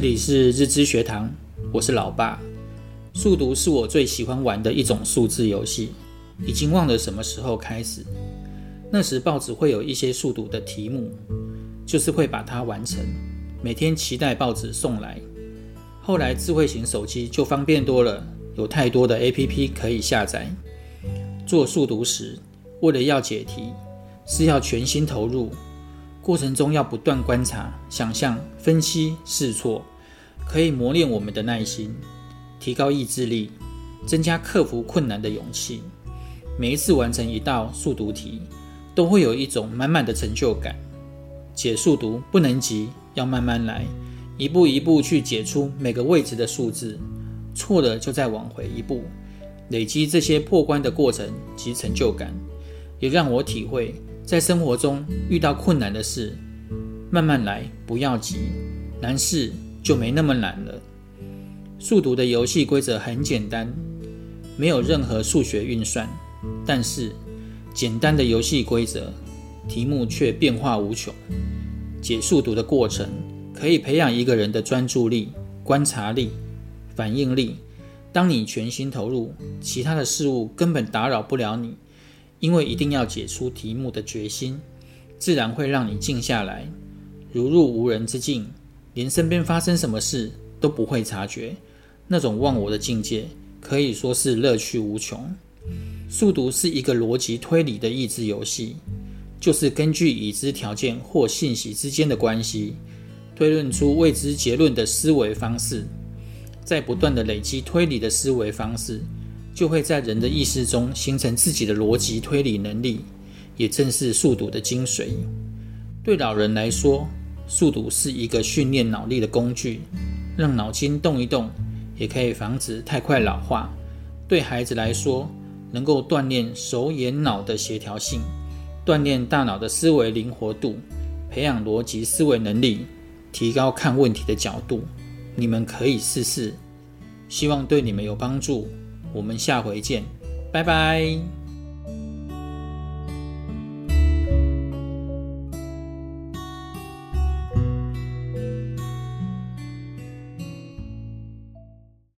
這裡是日知學堂，我是老爸。數獨是我最喜歡玩的一種數字遊戲，已經忘了什麼時候開始。那時報紙會有一些數獨的題目，就是會把它完成。每天期待報紙送來。後來智慧型手機就方便多了，有太多的 APP 可以下載。做數獨時，為了要解題，是要全心投入。過程中要不斷觀察、想象、分析、試錯，可以磨練我們的耐心，提高意志力，增加克服困難的勇氣。每一次完成一道數獨題，都會有一種滿滿的成就感。解數獨不能急，要慢慢來，一步一步去解出每個位置的數字，錯了就再往回一步。累積這些破關的過程及成就感，也讓我體會。在生活中遇到困難的事，慢慢來，不要急，難事就沒那麼難了。數獨的遊戲規則很簡單，沒有任何數學運算，但是簡單的遊戲規則，題目卻變化無窮。解數獨的過程可以培養一個人的專注力、觀察力、反應力。當你全心投入，其他的事物根本打擾不了你。因為一定要解出題目的決心，自然會讓你靜下來，如入無人之境，連身邊發生什麼事都不會察覺。那種忘我的境界，可以說是樂趣無窮。數獨是一個邏輯推理的益智遊戲，就是根據已知條件或信息之間的關係，推論出未知結論的思維方式，在不斷地累積推理的思維方式。就會在人的意識中形成自己的邏輯推理能力，也正是數獨的精髓。對老人來說，數獨是一個訓練腦力的工具，讓腦筋動一動，也可以防止太快老化。對孩子來說，能夠鍛鍊手眼腦的協調性，鍛鍊大腦的思維靈活度，培養邏輯思維能力，提高看問題的角度。你們可以試試，希望對你們有幫助。我們下回見，拜拜。